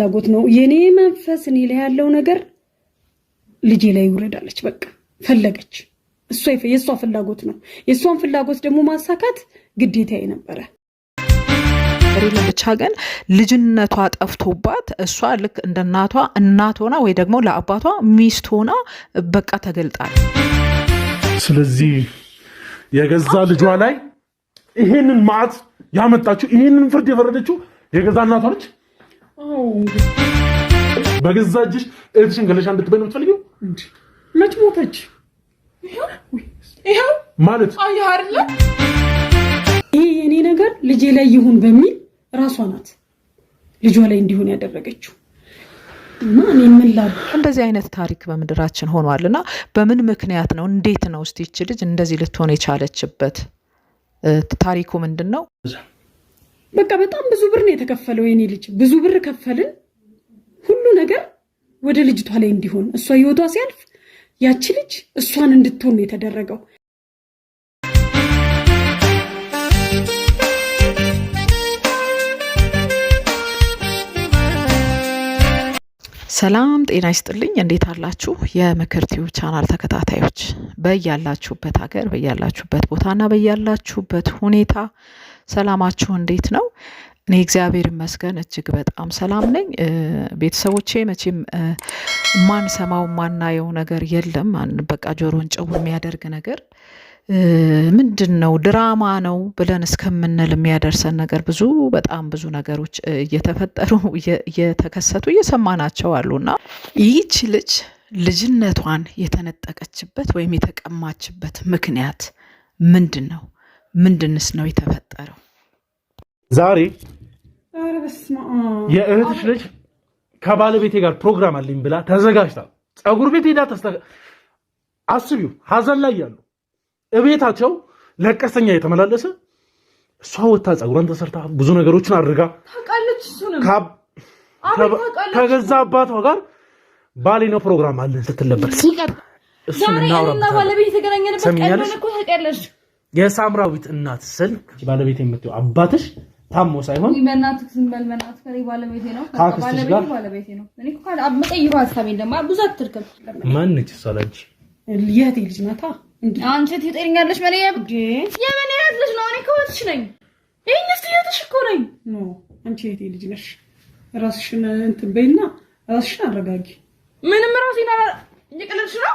ፍላጎት ነው። የኔ መንፈስ እኔ ላይ ያለው ነገር ልጄ ላይ ይውረዳለች። በቃ ፈለገች፣ የእሷ ፍላጎት ነው። የእሷን ፍላጎት ደግሞ ማሳካት ግዴታዬ ነበረ። ብቻ ግን ልጅነቷ ጠፍቶባት እሷ ልክ እንደ እናቷ እናት ሆና ወይ ደግሞ ለአባቷ ሚስት ሆና በቃ ተገልጣል። ስለዚህ የገዛ ልጇ ላይ ይሄንን መዓት ያመጣችው ይሄንን ፍርድ የፈረደችው የገዛ እናቷ ነች። በገዛ እጅሽ እህትሽን ገለሻ እንድትበይ ነው የምትፈልጊው? መች ሞተች? ይኸው ማለት አየህ ይሄ ነገር ልጄ ላይ ይሁን በሚል ራሷ ናት ልጇ ላይ እንዲሆን ያደረገችው። እንደዚህ አይነት ታሪክ በምድራችን ሆኗል እና በምን ምክንያት ነው? እንዴት ነው እስቲ ልጅ እንደዚህ ልትሆን የቻለችበት ታሪኩ ምንድን ነው? በቃ በጣም ብዙ ብር ነው የተከፈለው። የኔ ልጅ ብዙ ብር ከፈልን፣ ሁሉ ነገር ወደ ልጅቷ ላይ እንዲሆን እሷ ህይወቷ ሲያልፍ ያቺ ልጅ እሷን እንድትሆን ነው የተደረገው። ሰላም ጤና ይስጥልኝ። እንዴት አላችሁ? የምክር ቲዩብ ቻናል ተከታታዮች በያላችሁበት ሀገር በያላችሁበት ቦታና በያላችሁበት ሁኔታ ሰላማችሁ እንዴት ነው? እኔ እግዚአብሔር ይመስገን እጅግ በጣም ሰላም ነኝ። ቤተሰቦቼ መቼም ማንሰማው ማናየው ነገር የለም። በቃ ጆሮን ጨው የሚያደርግ ነገር ምንድን ነው ድራማ ነው ብለን እስከምንል የሚያደርሰን ነገር ብዙ በጣም ብዙ ነገሮች እየተፈጠሩ እየተከሰቱ እየሰማናቸው አሉና ይህች ልጅ ልጅነቷን የተነጠቀችበት ወይም የተቀማችበት ምክንያት ምንድን ነው? ምንድንስ ነው የተፈጠረው? ዛሬ የእህትሽ ልጅ ከባለቤቴ ጋር ፕሮግራም አለኝ ብላ ተዘጋጅታ ፀጉር ቤት ሄዳ አስቢው፣ ሀዘን ላይ ያሉ እቤታቸው ለቀስተኛ የተመላለሰ እሷ ወታ ፀጉሯን ተሰርታ ብዙ ነገሮችን አድርጋ ከገዛ አባቷ ጋር ባሌ ነው ፕሮግራም አለን ስትል ነበር። እሱን እናውራ። ባለቤት የተገናኘንበት ቀን እኮ ታውቂያለሽ የሳምራዊት እናት ስል ባለቤት የምትይው አባትሽ ታሞ ሳይሆን በእናትህ ዝም በል ነው ነው። እኔ እሷ? ላንቺ የእህቴ ልጅ ናታ። አንቺ ትጠይኛለሽ። ምን የምን ያህል ልጅ ነው? እኔ ከወትሽ ነኝ። ይሄን እስቲ እህትሽ እኮ ነኝ። ኖ አንቺ የእህቴ ልጅ ነሽ። ራስሽን እንትን በይና ራስሽን አረጋጊ። ምንም ራሴን ይቅልልሽ ነው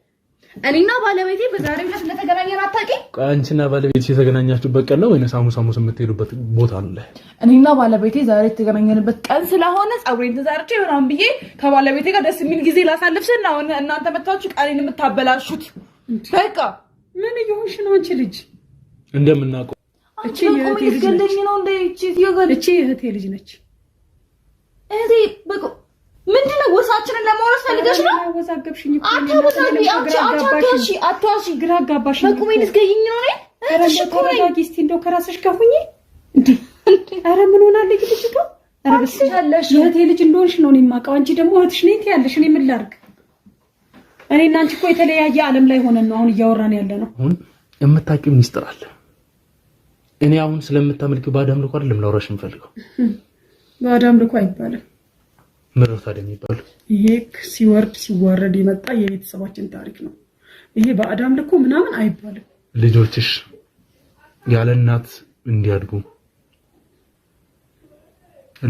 እኔና ባለቤቴ በዛሬ ዕለት እንደተገናኘን አታውቂም? አንቺና ባለቤት የተገናኛችሁበት ቀን ነው ወይስ ሐሙስ ሐሙስ የምትሄዱበት ቦታ አለ? እኔና ባለቤቴ ዛሬ የተገናኘንበት ቀን ስለሆነ ፀጉሬን ተዛርቼ ምናምን ብዬ ከባለቤቴ ጋር ደስ የሚል ጊዜ ላሳልፍ ስል ነው እናንተ መታችሁ ቀኔን የምታበላሹት። በቃ ምን እየሆንሽ ነው አንቺ ልጅ? እንደምናውቀው እቺ እህቴ ልጅ ነች። እህቴ በቃ ምንድነው? ነው ወሳችንን ለማውረስ ፈልገሽ ነው? አታወሳገብሽኝ እኮ አታዋሽ፣ ግራ አጋባሽ። በቁሜ ልትገይኝ ነው? ተረጋጊ እስኪ፣ እንደው ከራስሽ ጋር ሁኚ። ኧረ ምን ሆናለች ልጅቷ? እህቴ ልጅ እንደሆንሽ ነው እኔ የማውቀው። አንቺ ደግሞ እህትሽ ነኝ ትያለሽ። እኔ ምን ላድርግ? እኔ እና አንቺ እኮ የተለያየ ዓለም ላይ ሆነን ነው አሁን እያወራን ያለ ነው። አሁን የምታውቂው ሚስጥር አለ። እኔ አሁን ስለምታመልኪው በአዳም ልኮ አይደለም ላውራሽ የምፈልገው። በአዳም ልኮ አይባልም ምድር ታዲያ የሚባሉ ይሄ ሲወርድ ሲዋረድ የመጣ የቤተሰባችን ታሪክ ነው። ይሄ በአዳም ልኮ ምናምን አይባልም። ልጆችሽ ያለ እናት እንዲያድጉ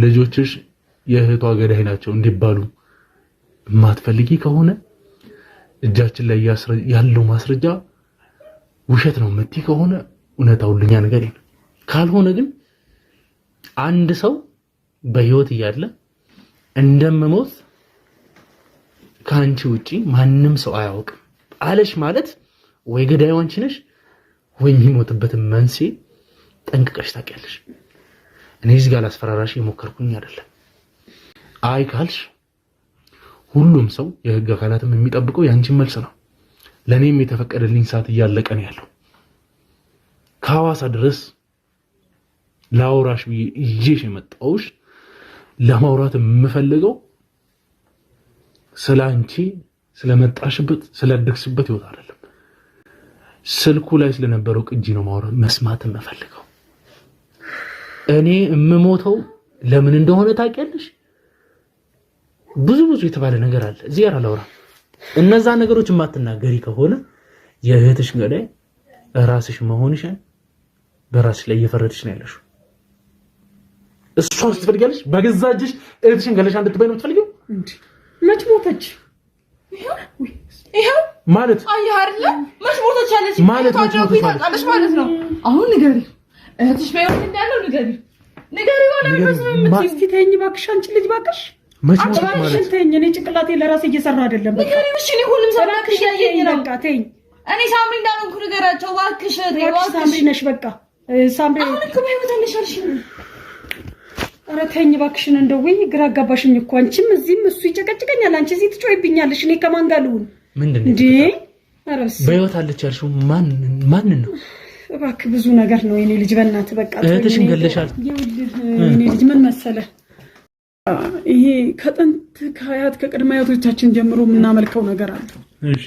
ልጆችሽ የእህቷ ገዳይ ናቸው እንዲባሉ የማትፈልጊ ከሆነ እጃችን ላይ ያለው ማስረጃ ውሸት ነው የምትይ ከሆነ እውነታውን ልኛ ነገር ካልሆነ ግን አንድ ሰው በህይወት እያለ እንደምሞት ከአንቺ ውጪ ማንም ሰው አያውቅም አለሽ ማለት ወይ ገዳዩ አንቺ ነሽ ወይ የሚሞትበትን መንስኤ ጠንቅቀሽ ታውቂያለሽ። እኔ እዚህ ጋር ላስፈራራሽ የሞከርኩኝ አይደለም። አይ ካልሽ ሁሉም ሰው የህግ አካላትም የሚጠብቀው ያንቺን መልስ ነው። ለእኔም የተፈቀደልኝ ሰዓት እያለቀ ነው ያለው። ከሐዋሳ ድረስ ላውራሽ ብዬ ይዤሽ የመጣሁሽ ለማውራት የምፈልገው ስለ አንቺ ስለመጣሽበት ስላደግሽበት ይወጣ አይደለም። ስልኩ ላይ ስለነበረው ቅጂ ነው ማውራት መስማት የምፈልገው። እኔ የምሞተው ለምን እንደሆነ ታውቂያለሽ። ብዙ ብዙ የተባለ ነገር አለ። እዚህ ጋር አላውራ። እነዛ ነገሮች የማትናገሪ ከሆነ የእህትሽ ገዳይ ራስሽ መሆንሽን በራስሽ ላይ እየፈረድሽ ነው ያለሽው። እሷን ስትፈልጊያለሽ በገዛ እጅሽ እህትሽን ገለሻ እንድትባይ ነው የምትፈልጊው? መች ሞተች ማለት መች ሞተች አለች ማለት ማለት ነው። አሁን እህትሽ በሕይወት እንዳለው ተይኝ እባክሽ፣ አንቺ ልጅ እባክሽ እኔ ጭንቅላቴ ለራሴ እየሰራ አይደለም። ሁሉም እኔ ሳምሪ እንዳልሆንኩ ንገራቸው እባክሽ። ሳምሪ ነሽ በቃ ሳምሪ ኧረ ተኝ እባክሽን፣ እንደው ወይ ግራ አጋባሽኝ እኮ አንቺም እዚህም እሱ ይጨቀጭቀኛል፣ አንቺ እዚህ ትጮይብኛለሽ። እኔ ከማን ጋር ልሁን እንዴ? በህይወት አለች ያልሽው ማን ነው? እባክህ ብዙ ነገር ነው የኔ ልጅ፣ በእናትህ በቃ እህትሽን ገለሻል። የኔ ልጅ ምን መሰለ ይሄ ከጥንት ከአያት ከቅድመ አያቶቻችን ጀምሮ የምናመልከው ነገር አለ። እሺ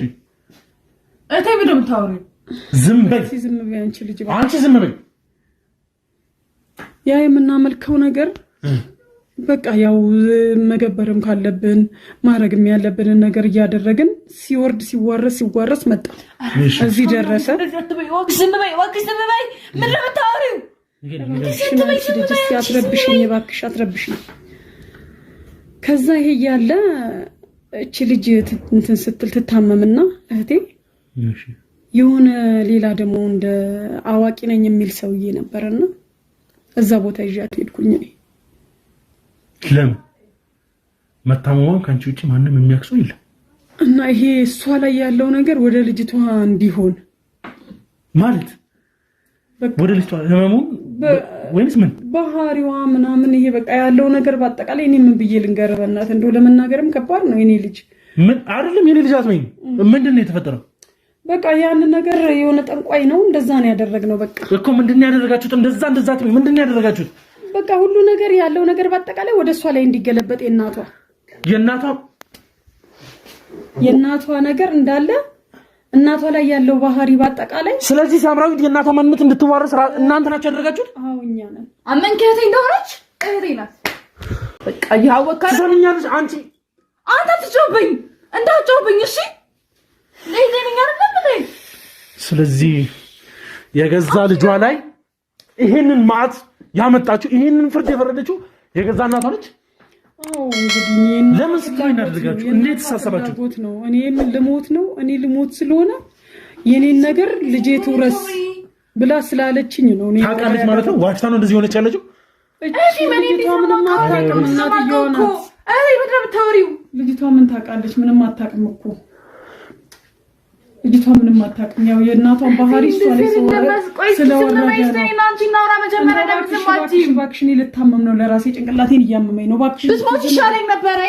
እቴ ብሎ የምታወሪው ዝም በይ፣ ዝም በይ አንቺ ልጅ፣ አንቺ ዝም በይ። ያ የምናመልከው ነገር በቃ ያው መገበርም ካለብን ማድረግም ያለብንን ነገር እያደረግን ሲወርድ ሲዋረስ ሲዋረስ መጣ፣ እዚህ ደረሰ። አትረብሽኝ እባክሽ አትረብሽኝ። ከዛ ይሄ እያለ እቺ ልጅ እንትን ስትል ትታመምና እህቴ የሆነ ሌላ ደግሞ እንደ አዋቂ ነኝ የሚል ሰውዬ ነበረና እዛ ቦታ ይዣት ሄድኩኝ እኔ ለምን መታመሟን ከአንቺ ውጭ ማንም የሚያውቅ የለም። እና ይሄ እሷ ላይ ያለው ነገር ወደ ልጅቷ እንዲሆን ማለት ወደ ልጅቷ ህመሙን ወይስ ምን ባህሪዋ ምናምን ይሄ በቃ ያለው ነገር በአጠቃላይ እኔ ምን ብዬ ልንገርህ? በእናትህ እንደው ለመናገርም ከባድ ነው። የኔ ልጅ አይደለም የኔ ልጅ አትመኝ። ምንድን ነው የተፈጠረው? በቃ ያን ነገር የሆነ ጠንቋይ ነው እንደዛ ነው ያደረግነው። በቃ እኮ ምንድን ነው ያደረጋችሁት? እንደዛ እንደዛ ምንድን ነው ያደረጋችሁት? በቃ ሁሉ ነገር ያለው ነገር በአጠቃላይ ወደ እሷ ላይ እንዲገለበጥ የእናቷ የእናቷ የእናቷ ነገር እንዳለ እናቷ ላይ ያለው ባህሪ በአጠቃላይ። ስለዚህ ሳምራዊት የእናቷ ማንነት እንድትዋረስ እናንተ ናቸው ያደረጋችሁት። አዎ እኛ ነን። አመንከቴ እንደሆነች እህቴ ናት። በቃ ይሃወካ ሰምኛለሽ። አንቺ አንተ ትጮብኝ እንዳትጮብኝ። እሺ ለይ ለምን? ስለዚህ የገዛ ልጇ ላይ ይሄንን ማዕት ያመጣችሁ ይህንን ፍርድ የፈረደችው የገዛ እናቷ ነች። ለምን ስቃይ እናደርጋችሁ? እንዴት ተሳሰባችሁት? ነው እኔም ልሞት ነው እኔ ልሞት ስለሆነ የኔን ነገር ልጄ ትውረስ ብላ ስላለችኝ ነው። ታውቃለች ማለት ነው። ዋሽታ ነው እንደዚህ ሆነች ያለችው። ልጅቷ ምን ታውቃለች? ምንም አታውቅም እኮ ልጅቷ ምንም አታውቅም። ያው የእናቷን ባህሪ እባክሽ ልታመም ነው ለራሴ ጭንቅላቴን እያመመኝ ነው። እባክሽ ብትሞት ይሻለኝ ነበረ።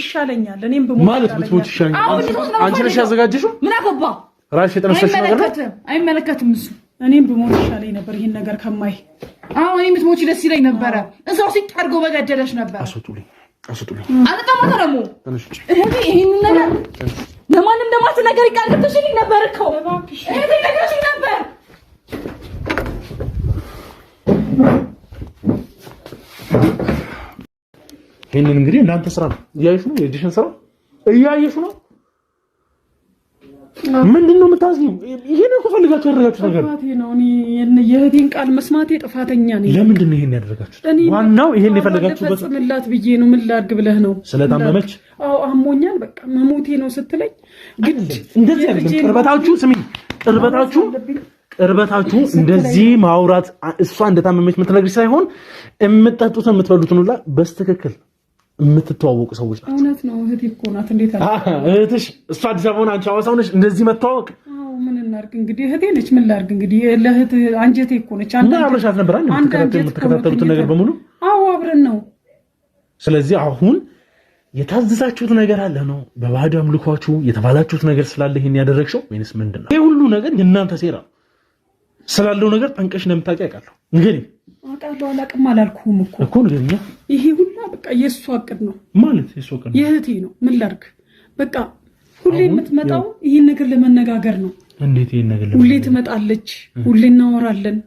ይሻለኛል እኔም ማለት ብትሞት ይሻለኛል። አንቺ ነሽ ያዘጋጀሽው። ምን አገባ ራሽ የጠነሰሽ ነገር አይመለከትም እሱ እኔም ብሞት ይሻለኝ ነበር ይህን ነገር ከማይ አሁን እኔ ብትሞች ደስ ይለኝ ነበረ። እዛው ሲጠርገው በገደለሽ ነበር። አስወጡልኝ፣ አስወጡልኝ። አልጠማታ ደግሞ ይህንን ነገር ለማንም ለማት ነገር ይቃል ገብተሽልኝ ነበር እኮ ገብተሽልኝ ነበር። ይህንን እንግዲህ እናንተ ስራ ነው እያየሽ ነው፣ የእጅሽን ስራ እያየሽ ነው ምንድን ነው የምታዝኘው? ይሄን እኮ ፈልጋችሁ ያደረጋችሁት ነገር ነው። የእህቴን ቃል መስማቴ ጥፋተኛ ነኝ። ለምንድን ነው ይሄን ያደረጋችሁት? ዋናው ይሄን የፈለጋችሁበት ጽምላት ብዬ ነው። ምን ላድርግ ብለህ ነው? ስለታመመች አዎ፣ አሞኛል፣ በቃ መሞቴ ነው ስትለኝ ግድ እንደዚህ አይደለም። ቅርበታችሁ ስሚ፣ ቅርበታችሁ ቅርበታችሁ እንደዚህ ማውራት እሷ እንደታመመች የምትነግርሽ ሳይሆን የምትጠጡትን የምትበሉትን ሁላ በስትክክል የምትተዋወቁ ሰዎች ናቸው። እውነት ነው። እህቴ እኮ ናት። እንዴት እህትሽ? እሱ አዲስ አበባ ሆነ፣ አንቺ ሐዋሳ ሆነሽ እንደዚህ መተዋወቅ ምን እናድርግ እንግዲህ። እህቴ ነች፣ ምን ላድርግ እንግዲህ። ለእህት አንጀቴ እኮ ነች። አንድ አብረሻት ነበር የምትከታተሉትን ነገር በሙሉ? አዎ አብረን ነው። ስለዚህ አሁን የታዘዛችሁት ነገር አለ ነው። በባዕድ አምልኳችሁ የተባላችሁት ነገር ስላለ ይሄን ያደረግሽው ወይንስ ምንድን ነው? ይህ ሁሉ ነገር የእናንተ ሴራ ስላለው ነገር ጠንቀሽ እንደምታውቂ አውቃለሁ። ንገሪኝ። አውቃለሁ አላቅም አላልኩም እኮ እኮ ንገሪኛ። ይሄ በቃ የእሱ አቅድ ነው ማለት የእህቴ ነው። ምን ላድርግ? በቃ ሁሌ የምትመጣው ይህን ነገር ለመነጋገር ነው። ሁሌ ትመጣለች፣ ሁሌ እናወራለን።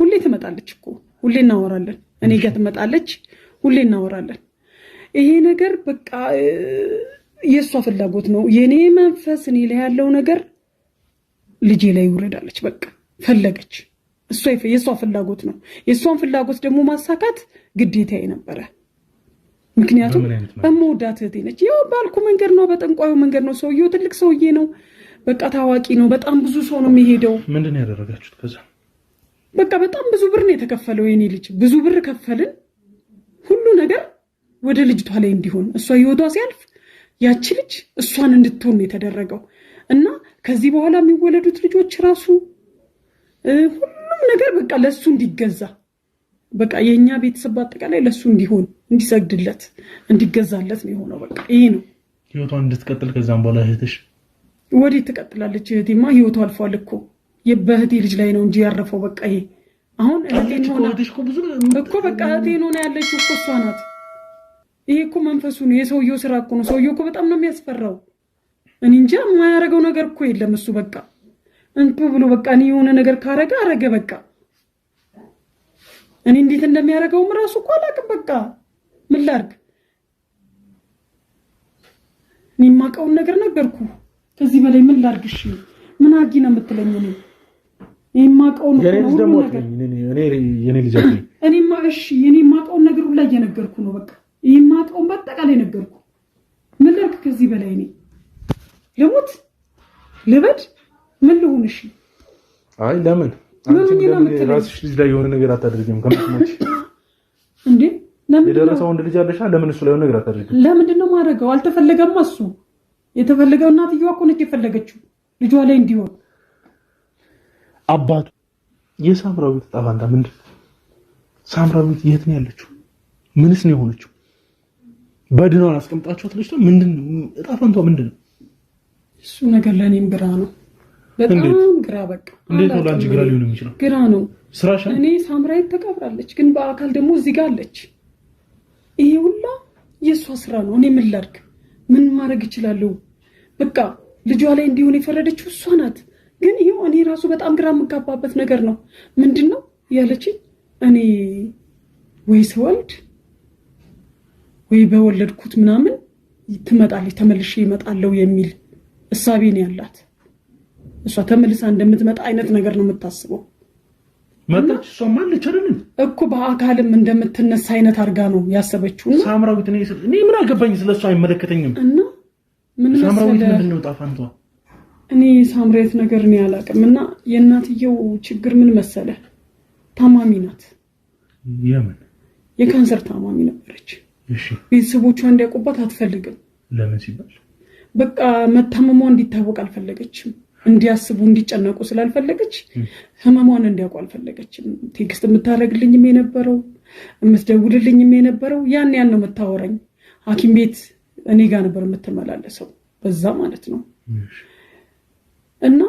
ሁሌ ትመጣለች እኮ ሁሌ እናወራለን። እኔ ጋር ትመጣለች፣ ሁሌ እናወራለን። ይሄ ነገር በቃ የእሷ ፍላጎት ነው። የእኔ መንፈስ እኔ ላይ ያለው ነገር ልጄ ላይ ይውረዳለች። በቃ ፈለገች፣ የእሷ ፍላጎት ነው። የእሷን ፍላጎት ደግሞ ማሳካት ግዴታዬ ነበረ። ምክንያቱም በመወዳት እህቴ ነች። ያው ባልኩ መንገድ ነው፣ በጠንቋዩ መንገድ ነው። ሰውየው ትልቅ ሰውዬ ነው፣ በቃ ታዋቂ ነው። በጣም ብዙ ሰው ነው የሚሄደው። ምንድን ነው ያደረጋችሁት? ከዛ በቃ በጣም ብዙ ብር ነው የተከፈለው። የኔ ልጅ ብዙ ብር ከፈልን፣ ሁሉ ነገር ወደ ልጅቷ ላይ እንዲሆን እሷ ህይወቷ ሲያልፍ ያቺ ልጅ እሷን እንድትሆን የተደረገው እና ከዚህ በኋላ የሚወለዱት ልጆች ራሱ ሁሉም ነገር በቃ ለእሱ እንዲገዛ በቃ የእኛ ቤተሰብ በአጠቃላይ ለእሱ እንዲሆን እንዲሰግድለት እንዲገዛለት ነው የሆነው። በቃ ይሄ ነው ህይወቷን እንድትቀጥል። ከዛም በኋላ እህትሽ ወዴት ትቀጥላለች? እህቴማ ህይወቷ አልፏል እኮ በእህቴ ልጅ ላይ ነው እንጂ ያረፈው። በቃ ይሄ አሁን እኮ በቃ እህቴን ሆነ ያለችው እኮ እሷ ናት። ይሄ እኮ መንፈሱ ነው የሰውየው ስራ እኮ ነው። ሰውየው እኮ በጣም ነው የሚያስፈራው። እኔ እንጃ የማያደርገው ነገር እኮ የለም እሱ በቃ እንቱ ብሎ በቃ እኔ የሆነ ነገር ካረገ አረገ በቃ እኔ እንዴት እንደሚያደርገውም ራሱ እኮ አላውቅም። በቃ ምን ላድርግ? እኔ የማውቀውን ነገር ነገርኩ። ከዚህ በላይ ምን ላድርግ? እሺ ምን አጊ ነው የምትለኝ? እኔ የማውቀውን የማውቀውን ነገር ሁላ እየነገርኩ ነው። በቃ የማውቀውን በአጠቃላይ ነገርኩ። ምን ላድርግ? ከዚህ በላይ እኔ ልሙት ልበድ ምን ልሁን? እሺ አይ ለምን ራስሽ ልጅ ላይ የሆነ ነገር አታደርጊም? ከምትሞች እንዴ ለምን የደረሰው ወንድ ልጅ አለሻ? ለምን እሱ ላይ የሆነ ነገር አታደርጊም? ለምንድን ነው ማድረገው? አልተፈለገም። እሱ የተፈለገው እናትየዋ እኮ ነች የፈለገችው ልጇ ላይ እንዲሆን። አባቱ የሳምራዊት ዕጣ ፈንታ ምንድን ነው? ሳምራዊት የት ነው ያለችው? ምንስ ነው የሆነችው? በድናዋን አስቀምጣችኋት ልጅቷ ምንድን ነው ዕጣ ፈንቷ ምንድን ነው? እሱ ነገር ለእኔም ግራ ነው። በጣም ግራ በቃ እንዴት ነው ለአንቺ ግራ ሊሆን የሚችለው? ግራ ነው ስራሽ። እኔ ሳምራዊት ተቀብራለች፣ ግን በአካል ደግሞ እዚህ ጋር አለች። ይሄ ሁላ የእሷ ስራ ነው። እኔ ምን ላድርግ? ምን ማድረግ እችላለሁ? በቃ ልጇ ላይ እንዲሆን የፈረደችው እሷ ናት። ግን ይሄው እኔ ራሱ በጣም ግራ የምጋባበት ነገር ነው። ምንድን ነው ያለችኝ? እኔ ወይ ስወልድ ወይ በወለድኩት ምናምን ትመጣለች፣ ተመልሼ ይመጣለው የሚል እሳቤ ነው ያላት እሷ ተመልሳ እንደምትመጣ አይነት ነገር ነው የምታስበው። መጣች እሷ ማለች አይደለም እኮ በአካልም እንደምትነሳ አይነት አድርጋ ነው ያሰበችው። ሳምራዊት እኔ ምን አገባኝ ስለሷ አይመለከተኝም። እና ምን ሳምራዊት ምንድን ነው ጣፋንቷ? እኔ ሳምራዊት ነገር እኔ አላውቅም። እና የእናትየው ችግር ምን መሰለ፣ ታማሚ ናት። የምን የካንሰር ታማሚ ነበረች። ቤተሰቦቿ እንዲያውቁባት አትፈልግም። ለምን ሲባል በቃ መታመሟ እንዲታወቅ አልፈለገችም። እንዲያስቡ እንዲጨነቁ ስላልፈለገች ህመሟን እንዲያውቁ አልፈለገችም። ቴክስት የምታደርግልኝም የነበረው የምትደውልልኝም የነበረው ያን ያን ነው የምታወራኝ። ሐኪም ቤት እኔ ጋር ነበር የምትመላለሰው በዛ ማለት ነው። እና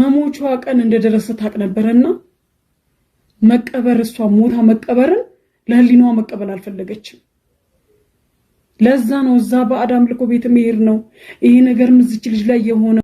መሞቿ ቀን እንደደረሰ ታውቅ ነበረ እና መቀበር እሷ ሞታ መቀበርን ለህሊናዋ መቀበል አልፈለገችም። ለዛ ነው እዛ በአዳም ልኮ ቤት መሄድ ነው ይሄ ነገር ምዝች ልጅ ላይ የሆነ